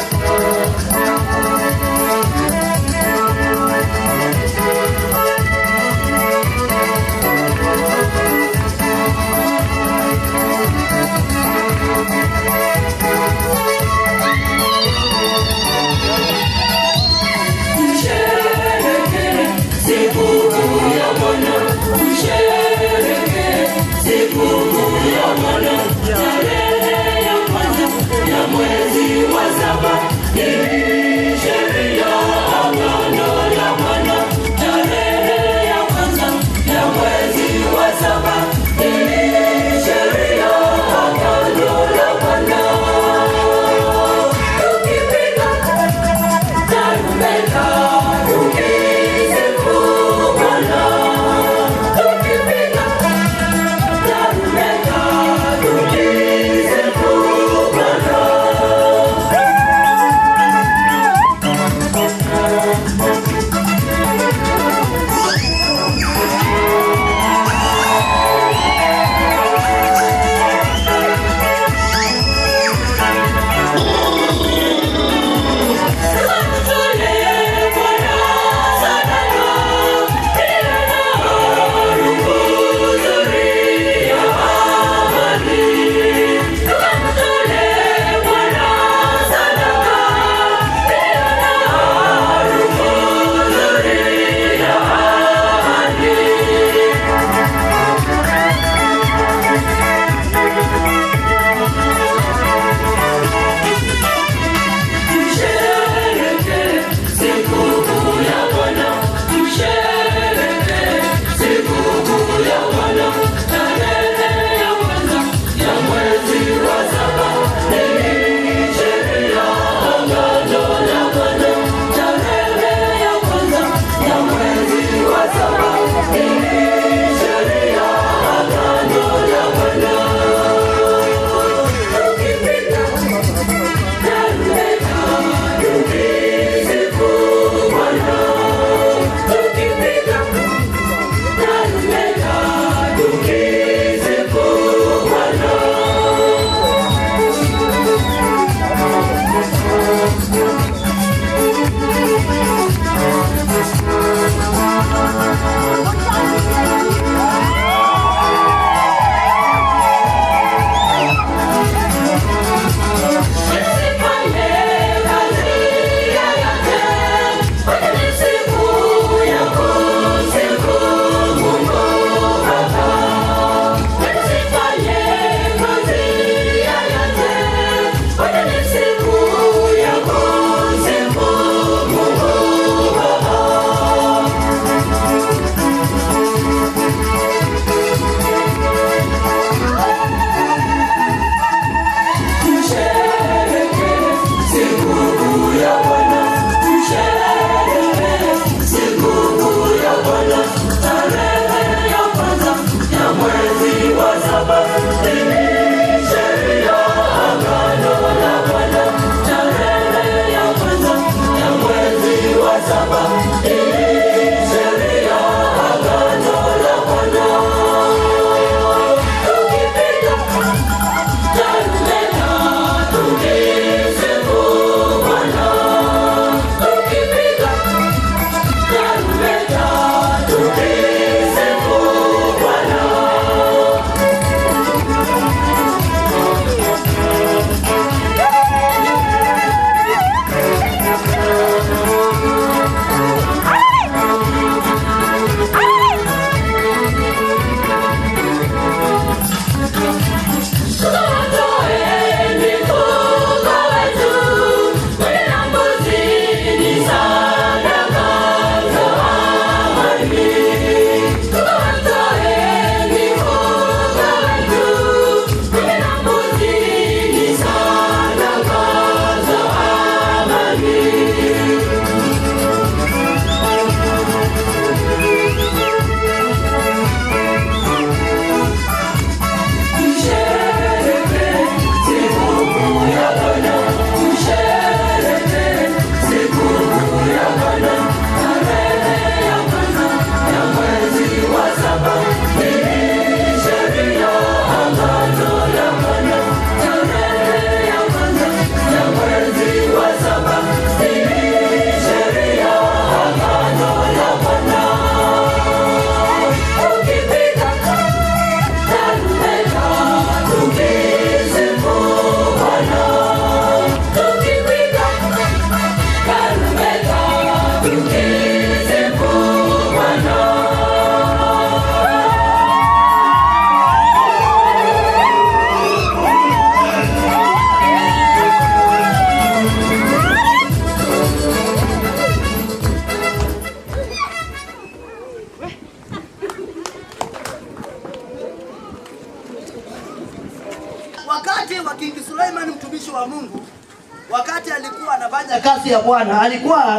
Thank you.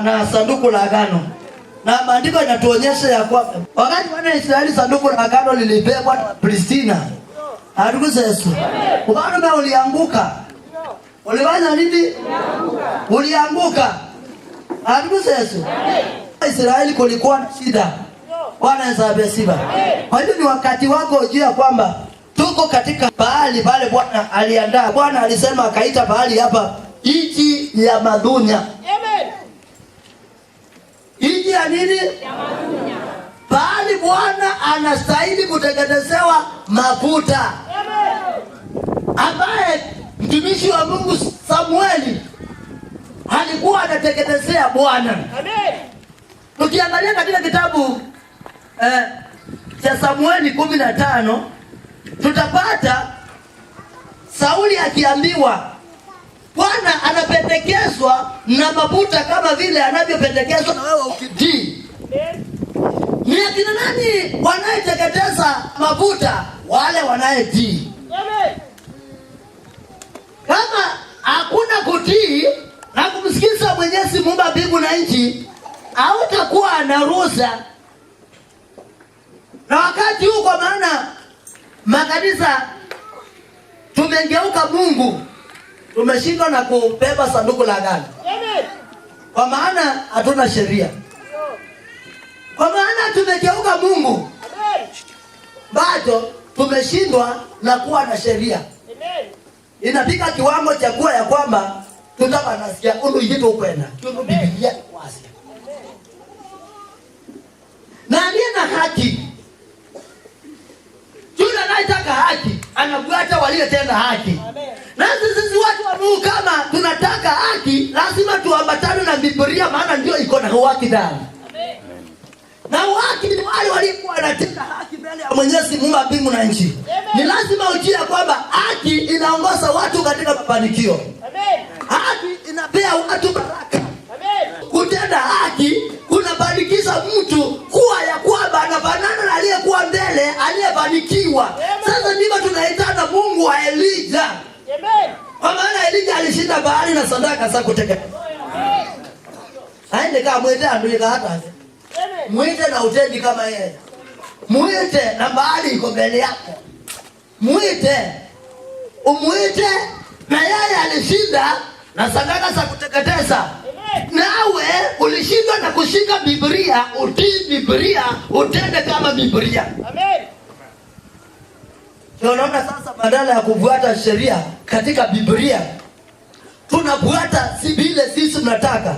na, sanduku la agano na maandiko yanatuonyesha ya kwamba wakati wana Israeli sanduku la agano lilibebwa Palestina. Atukuze Yesu. Ufalme ulianguka. Ulifanya nini? Ulianguka. Atukuze Yesu. Israeli kulikuwa na shida. Bwana Yesu siba. Kwa hiyo ni wakati wako ujue ya kwamba tuko katika pahali pale Bwana aliandaa. Bwana alisema akaita pahali hapa nchi ya madunia ajili nini? Bali Bwana anastahili kutegetezewa mafuta, ambaye mtumishi wa Mungu Samueli alikuwa anateketezea Bwana. Tukiangalia katika kitabu eh, cha Samueli kumi na tano tutapata Sauli akiambiwa Bwana anapendekezwa na Mabuta kama vile anavyopendekezwa na wewe ukitii. Ni akina nani wanayeteketeza Mabuta? Wale wanayetii. Kama hakuna kutii na kumsikiza Mwenyezi Mumba mbingu na nchi, hautakuwa na ruhusa na wakati huu, kwa maana makanisa tumegeuka Mungu tumeshindwa na kubeba sanduku la agano, kwa maana hatuna sheria, kwa maana tumegeuka Mungu, bado tumeshindwa na kuwa na sheria. Inafika kiwango cha kuwa ya kwamba tutawanasikia ulu yitu kwenda tunu kwasi na aliye na haki yule anayetaka haki anakuacha waliyotenda haki Amen nasi sisi watu wa Mungu, kama tunataka haki, lazima tuambatane na Biblia, maana ndio iko na haki ndani. Na haki ni wale walikuwa wanatenda haki mbele ya Mwenyezi Mungu mbingu na nchi. Ni lazima ujue kwamba haki inaongoza watu katika mafanikio. Haki inapea watu baraka. Kutenda haki kunafanikisha mtu kuwa ya kwamba anafanana na aliyekuwa mbele, aliyefanikiwa. Sasa ndivyo tunaitana Mungu wa Elijah. Alishinda bahari na sadaka za kuteketeza. Aende kama mwite anduye hata. Mwite na utendi kama yeye. Mwite na bahari iko mbele yako. Mwite. Umwite na yeye alishinda na sadaka za kuteketeza. Nawe ulishindwa na kushika Biblia, utii Biblia, utende kama Biblia. Amen. Unaona sasa, badala ya kufuata sheria katika Biblia tunafuata si vile sisi tunataka.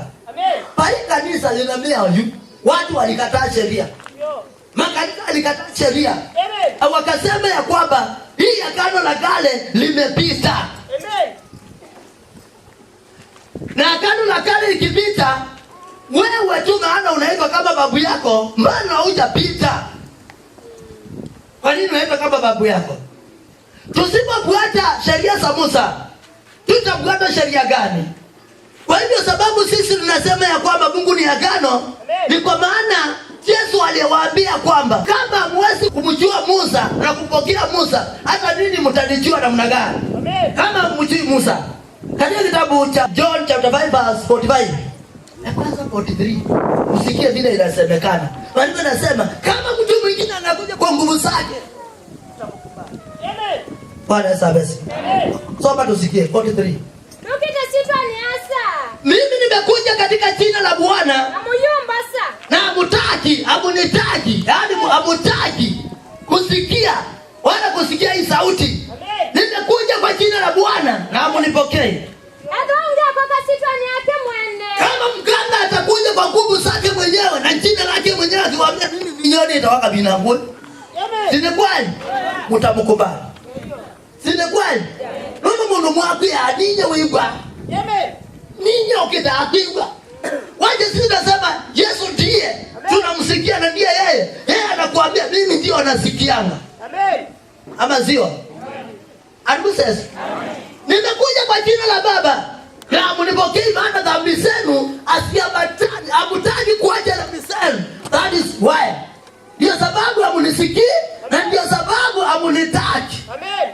Pai kanisa linamea yu watu walikataa sheria, makanisa alikataa sheria, wakasema ya kwamba hii agano la kale limepita na agano la kale ikipita, wewe tu maana unaitwa kama babu yako, maana hujapita. Kwa nini unaitwa kama babu yako? Tusipofuata sheria za Musa tutafuata sheria gani? Kwa hivyo sababu sisi tunasema ya kwamba Mungu ni agano ni kwa maana Yesu aliyewaambia kwamba kama mwezi kumjua Musa na kupokea Musa, hata nini mtanijua namna gani? Kama mujui Musa. Katika kitabu cha John chapter 5 verse 45 usikie vile inasemekana. Maandiko nasema kama mtu mwingine anakuja kwa nguvu zake, baada ya service. Soma tusikie 43. Rukita sitaniasa. Mimi nimekuja katika jina la Bwana. Amuyumba sasa. Na amutaki, amunitaki, yaani amutaki kusikia wala kusikia hii sauti. Nimekuja kwa jina la Bwana na amunipokee. Kama mganga atakuja kwa nguvu zake mwenyewe na jina lake mwenyewe akiwaambia mimi vinyoni itawaka vinangua. Ni kweli? Utamkubali sine kweli noma mundu mwakwia ninye wimba ninye ukidhabiwa waje sisi nasema Yesu ndiye tunamsikia na ndiye yeye yeye anakuambia mimi ndio nasikianga ama sio Amen. Nimekuja kwa jina la Baba na mnipokee, maana dhambi zenu asiambatani, amutaki kuacha dhambi zenu. That is why, ndio sababu amunisikii na ndio sababu amunitaki. Amen.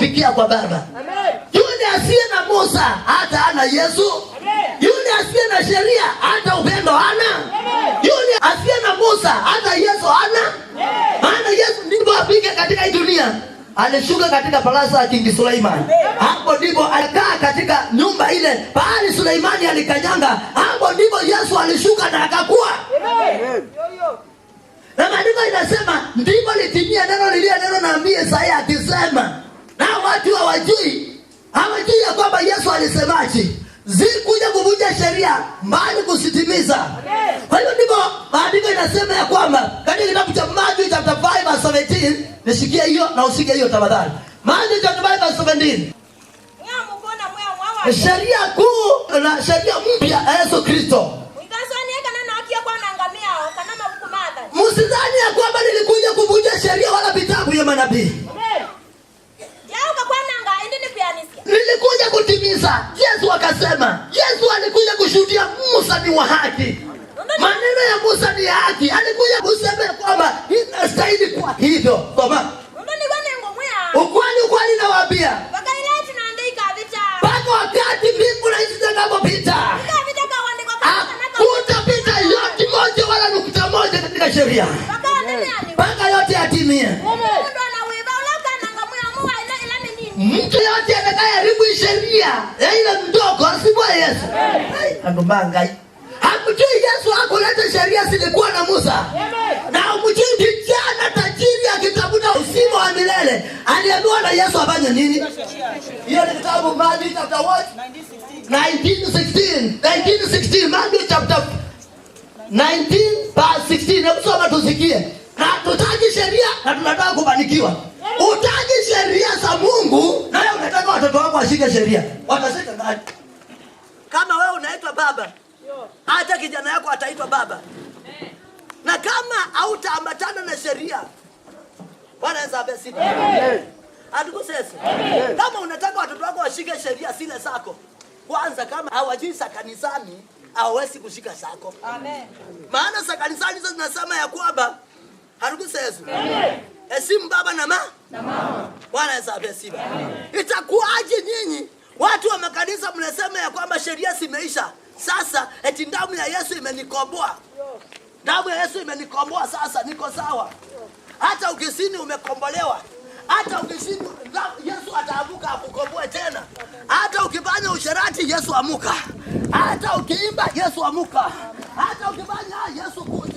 kupikia kwa Baba. Yule asiye na Musa hata ana Yesu. Yule asiye na sheria hata upendo hana. Yule asiye na Musa hata Yesu ana Maana Yesu ndipo apike katika hii dunia alishuka katika palasa ya King Suleiman. Hapo ndipo alikaa katika nyumba ile pahali Suleimani alikanyanga. Hapo ndipo Yesu alishuka na akakuwa. Na maandiko inasema ndipo litimia neno lilia neno naambie saya akisema na watu hawajui hawajui ya kwamba Yesu alisemaje, zikuja kuvunja sheria mbali kusitimiza. Kwa hiyo ndipo maandiko inasema ya kwamba katika kitabu cha Mathayo chapter 517 verse nishikia hiyo na usikie hiyo tafadhali. Mathayo chapter 5 verse 17. Sheria kuu na sheria mpya ya Yesu Kristo. Msidhani ya kwamba nilikuja kuvunja sheria wala vitabu ya manabii nilikuja kutimiza. Yesu akasema, Yesu alikuja kushuhudia Musa ni wa haki, maneno ya Musa ni ya haki. Alikuja kusema kwamba inastahili kwa hivyo koma ukwani ukweli nawambia mpaka wakati mbingu na nchi zitakapopita hakutapita yoti moja wala nukta moja katika sheria mpaka yote yatimie. Mtu yote atakayeharibu sheria ya ile mdogo asibwa Yesu. Agombanga. Hamjui Yesu hakuleta sheria zilikuwa na Musa. Na hamjui kijana tajiri akitafuta uzima wa milele. Aliambiwa na Yesu afanye nini? Hiyo ni kitabu Mathayo chapter what? 19:16. 19:16. Mathayo chapter 19 verse 16. Hebu soma tusikie hatutaki sheria na tunataka kubarikiwa. Yaani- Utaki sheria za Mungu naye unataka watoto wako washike sheria, watashika gani? Kama wewe unaitwa baba, hata kijana yako ataitwa baba, na kama hautaambatana na sheria Bwana Kama unataka watoto wako washike sheria zile zako, kwanza kama hawajui za kanisani, hawawezi kushika zako. Maana za kanisani zinasema ya kwamba Aruguse Yesu. Amen. baba na mama. Na mama. Bwana Yesu ape Itakuwaje nyinyi watu wa makanisa mnasema ya kwamba sheria simeisha? Sasa eti damu ya Yesu imenikomboa. Damu ya Yesu imenikomboa sasa niko sawa. Hata ukisini umekombolewa. Hata ukisini Yesu ataamuka akukomboe tena. Hata ukifanya usherati Yesu amuka. Hata ukiimba Yesu amuka. Hata ukifanya Yesu kuja.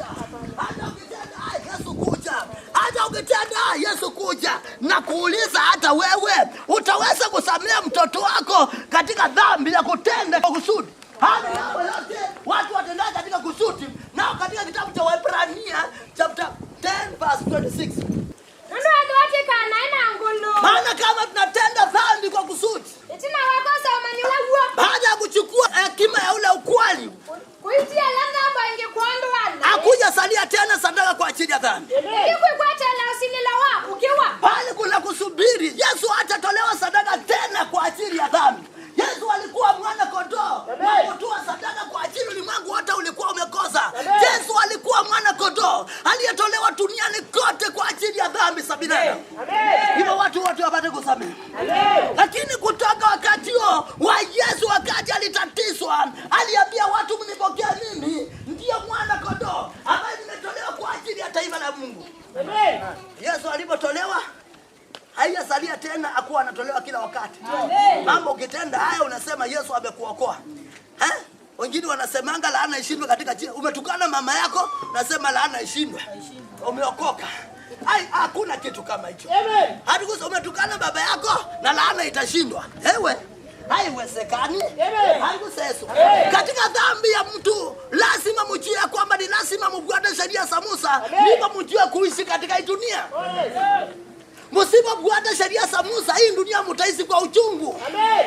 ukitenda Yesu kuja na kuuliza, hata wewe utaweza kusamehe mtoto wako katika dhambi ya kutenda kwa kusudi? Hadi hapo yote watu watendaa katika kusudi, nao katika kitabu cha Waebrania chapter 10 verse 26 maana kama tunatenda dhambi kwa kusudi baada ya kuchukua hekima ya ule ukweli akuja salia tena sadaka kwa ajili ya dhambi bali kuna kusubiri Yesu atatolewa sadaka tena kwa ajili ya dhambi. Yesu alikuwa mwana haiwezekani, sesu. katika dhambi ya mtu. Lazima mjue kwamba ni lazima mfuate sheria za Musa, ndipo mjue kuishi katika hii dunia. Msipofuata sheria za Musa, hii dunia mtaishi kwa uchungu,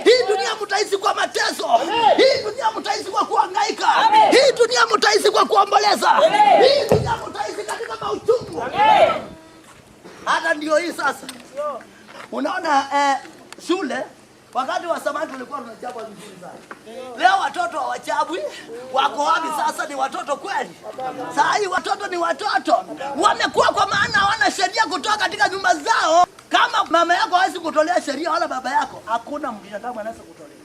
hii dunia mtaishi kwa mateso, hii dunia mtaishi kwa kuhangaika, hii dunia mtaishi kwa kuomboleza, hii dunia mtaishi katika mauchungu. Hata ndio hii sasa, unaona eh, shule Wakati wa samani tulikuwa tunachabwa vizuri sana. Leo watoto hawachabwi, wako wapi sasa? Ni watoto kweli? Saa hii watoto ni watoto, wamekuwa kwa maana hawana sheria kutoka katika nyumba zao. Kama mama yako hawezi kutolea sheria wala baba yako, hakuna mbinadamu anaweza kutolea.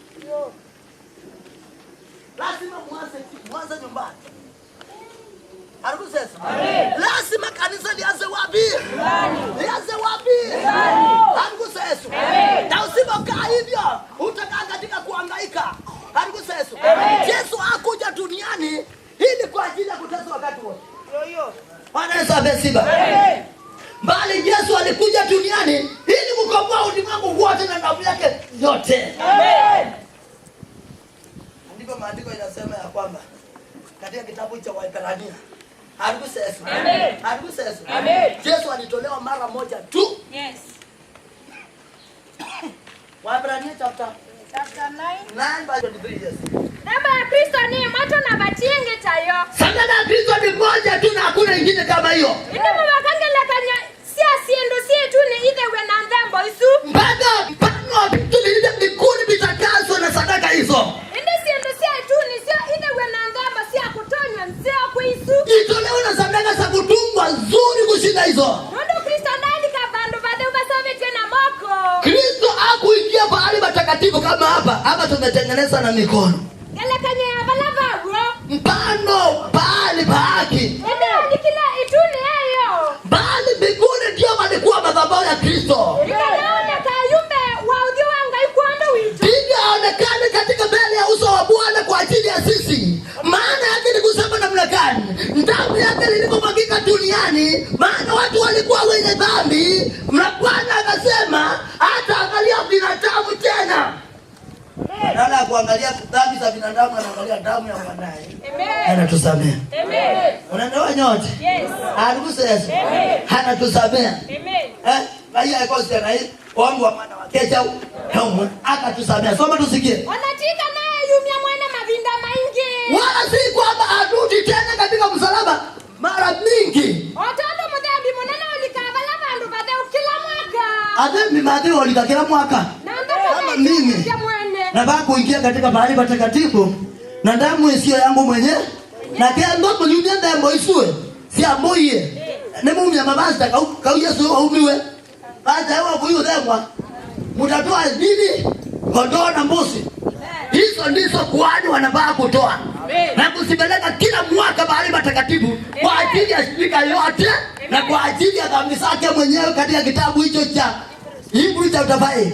Lazima mwanze nyumbani. Karibu sasa. Lazima kanisa lianze wapi? Lianze wapi? Karibu sasa. Na usipokaa hivyo utakaa katika kuhangaika. Karibu sasa. Yesu hakuja duniani ili kwa ajili ya kuteswa wakati wote. Bwana Yesu amesiba. Bali Yesu alikuja duniani ili kukomboa ulimwengu wote na damu yake yote. Amen. Ndivyo maandiko inasema ya kwamba katika kitabu cha Waebrania Hebu sasa. Amen. Amen. Yesu alitolewa mara moja tu. Yes. Waebrania chapter 9 9 23 Namba ya Kristo ni moto na batinge tayo. Sanda ya Kristo ni moja tu na hakuna nyingine kama hiyo. Ndio mwakange la kanya si asiendo si tu ni ile we na ndambo isu. Mpaka mpaka tu hapa hapa tumetengeneza na mikono mpano pahali pa kuangalia dhambi za binadamu, anaangalia damu ya mwanaye, anatusamea. Unaelewa nyote? Anaguse Yesu, anatusamea eh? hii wangu wa mwana akatusamea. Soma tusikie wala si kwamba aduti tena katika msalaba mara mingi ulikavala madhi olika kila mwaka kama mimi navaa kuingia katika mahali patakatifu na damu isiyo yangu mwenye nakea ngombo niuja ndembo isue siambuie ya mabasta kauyesu waumiwe bata ewa kuyu dhewa mutatoa nini kondoo na mbuzi hizo ndizo kuhani wanavaa kutoa na kusipeleka kila mwaka mahali patakatifu kwa ajili ya shirika yote na kwa ajili ya dhambi zake mwenyewe katika kitabu hicho cha Hibru cha utafai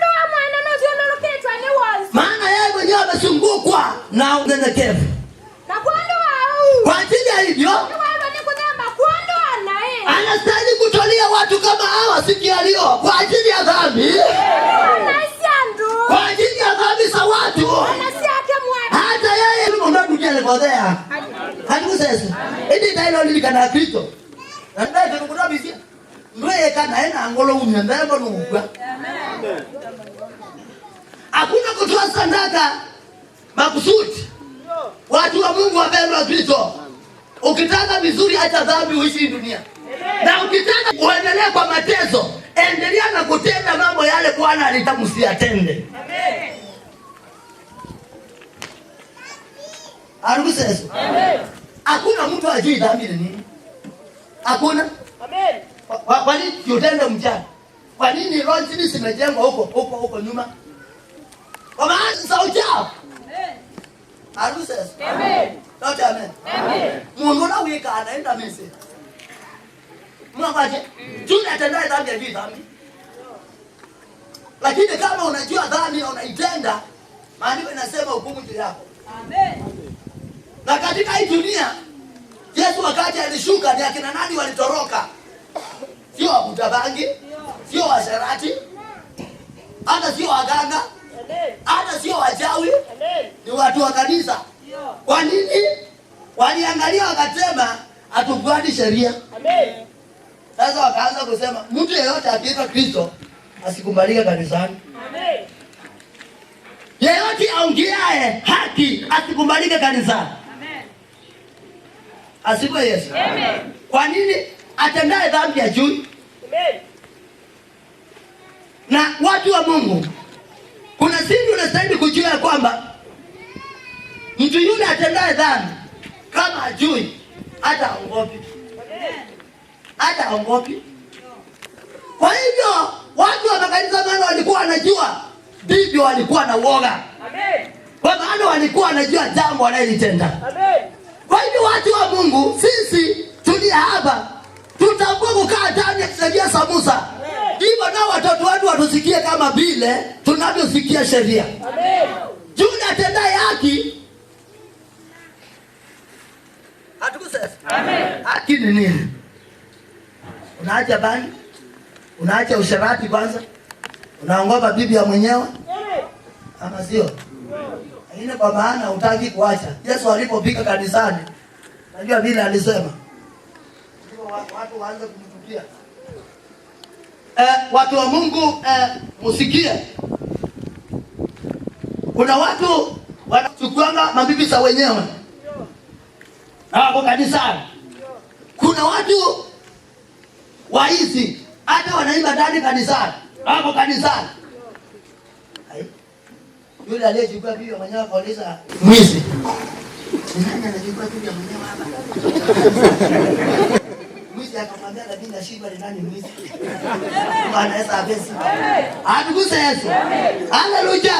kuukwa na unyenyekevu. Kwa ajili ya hivyo anastahili kutolia watu kama hawa siku ya leo kwa ajili ya dhambi, kwa ajili ya dhambi za watu, hata yeye ndugu alipotea alikusesa indi ndailo lilika na Kristo nandaife kukutobisia ndweyeka naye nangolo unyendebo nuugwa akuna kutoa sandaka makusudi. Watu wa Mungu, wapendwa wa Kristo, ukitaka vizuri, acha dhambi uishi dunia, na ukitaka uendelee kwa matezo endelea na kutenda mambo yale Bwana alitaka usiyatende. Amen. Aruguse Yesu. Amen. Hakuna mtu ajui dhambi ni nini. Hakuna. Amen. Kwa nini tutende mchana? Kwa nini roho zimejengwa huko huko huko nyuma? Kwa maana za uchafu. Aruse anaenda misi. Lakini kama unajua dhambi na unaitenda, maandiko inasema hukumu juu yako. Na katika hii dunia Yesu wakati alishuka ni akina nani walitoroka? Sio wavuta bangi, sio washerati, hata sio waganga, hata sio wachawi, ni watu wa kanisa. Kwa nini waliangalia wakasema hatufuati sheria? Sasa wakaanza kusema mtu yeyote akiitwa Kristo asikubalike kanisani, yeyote aungiae haki asikubalike kanisani, asipo Yesu. Kwa nini? atendae dhambi ya juu na watu wa Mungu Mtu yule atendaye dhambi kama ajui, hata aongopi, hata aongopi. Kwa hivyo watu wa makanisa mana walikuwa wanajua, ndivyo walikuwa na uoga, kwa maana walikuwa wanajua jambo wanayelitenda Kwa hivyo watu wa Mungu, sisi tulia hapa, tutambua kukaa ndani ya sheria za Musa, hivyo nao watoto wetu watusikie kama vile tunavyosikia sheria. juu atendaye haki Hatukusafi. Amen. Haki ni nini? Unaacha bangi? Unaacha usharati kwanza? Unaongopa bibi ya mwenyewe? Ama sio? Lakini kwa maana utaki kuacha. Yesu alipopika kanisani, najua vile alisema. Watu waanze kumtukia. Eh, watu wa Mungu eh, musikie. Kuna watu wanachukuanga mabibi za wenyewe hawako kanisani. Kuna watu waizi hata wanaimba ndani kanisani, hawako kanisani. Yule aliyechukua bibi ya mwenyewe mwizi, nani anachukua bibi mwenyewe hapa? mwizi akamwambia David ashindwa ni nani mwizi. Bwana Yesu abesi. Atukuse Yesu. Haleluya.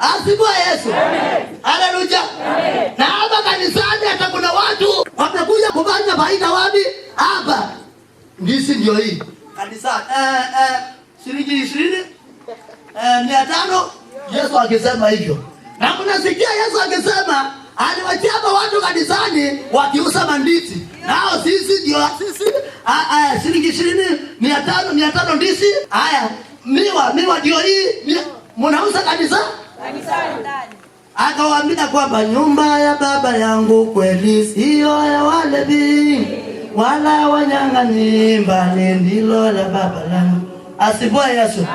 Asifiwe Yesu. Haleluya. Na hapa kanisani hata kuna watu watakuja kufanya faida wapi? Hapa. Ndisi ndio hii. Kanisa eh eh shilingi 20 eh 500 Yesu akisema hivyo. Na mnasikia Yesu akisema aliwatia hapa watu kanisani wakiuza mandizi, nao sisi ndio sisi ah, shilingi ishirini mia tano mia tano ndizi aya miwa miwa ndio hii mnauza kanisa akawaambia kwamba nyumba ya baba yangu kweli siyo ya walevi wala wanyang'anyi, mbali ndilo la baba langu. Asifiwe Yesu.